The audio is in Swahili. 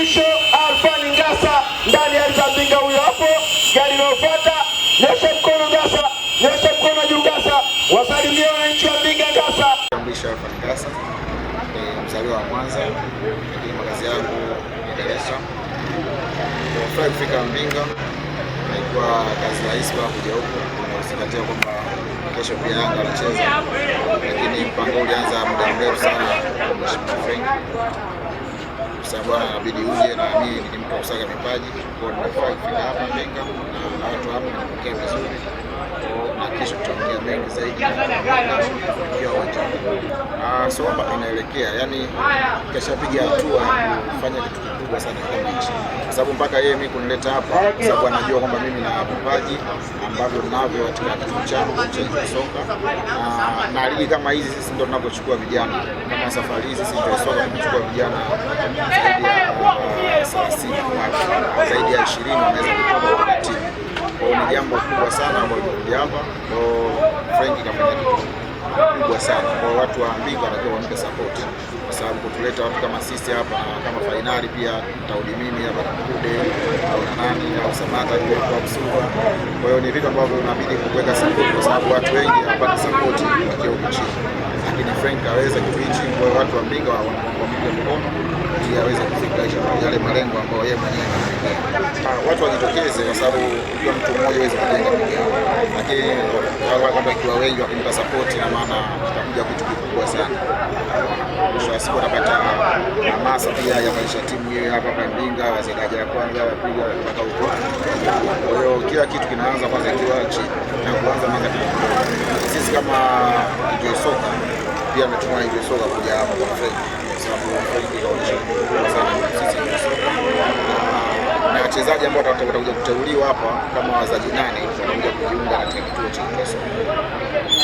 Isho ni Ngasa ndani ya alizambinga huyo hapo. Gari inayofuata nyosha mkono Ngasa, nyosha mkono juu Ngasa, wasalimia wananchi wa Mbinga. Ngasa Mrisho Alfani Ngasa ni e, mzaliwa wa Mwanza, lakini makazi yangu ni Dar es Salaam. kufika Mbinga, naikuwa kazi rahisi kwa kuja huku na kwamba kesho pia Yanga anacheza, lakini mpango ulianza muda mrefu sana, Mheshimiwa Frank kwa sababu inabidi uje na mimi ni mtu wa kusaga vipaji, kwa nimefurahi kufika hapa Mbinga na watu hapa wanapokea vizuri kufikia ah, inaelekea yani, kashapiga hatua kufanya kitu kikubwa sana kwa hichi, kwa sababu mpaka yeye mimi kunileta hapa, kwa sababu anajua kwamba mimi na vipaji ambavyo ninavyo katika kitu changu cha soka ah, na ligi kama hizi, sisi ndio tunapochukua vijana kama safari hizi, sisi ndio soka tunachukua vijana hapa ndo Frank kafanya kitu kubwa sana kwa watu wa Mbinga, wanatakiwa wampe support kwa sababu kutuleta watu kama sisi hapa kama fainali pia taudi mimi hapa na Mkude au na nani au Samata kwa kusuka. Kwa hiyo ni vitu ambavyo unabidi kuweka support kwa sababu watu wengi hawapati support wakiwa huko chini, lakini Frank kaweza kuichi kwa watu wa Mbinga wampiga mkono ili aweze kufikisha yale malengo ambayo yeye mwenyewe anafikia watu wajitokeze, kwa sababu ukiwa mtu mmoja huwezi kujenga lakini watu wakiwa wengi wakimpa sapoti, na maana kitakuja kitu kikubwa sana. Mwisho wa siku hamasa pia ya maisha timu hiyo hapa hapa Mbinga, wazee daraja ya kwanza wapiga mpaka huko. Kwa hiyo kila kitu kinaanza kwanza kiwa chini na kuanza maka sisi kama Enjoy Soka pia ametumwa Enjoy Soka kuja hapa kwa Fred, kwa sababu Fred kaonyesha sana sisi wachezaji ambao watakuja kuteuliwa hapa kama wazaji nane watakuja kujiunga katika kituo cha kesho.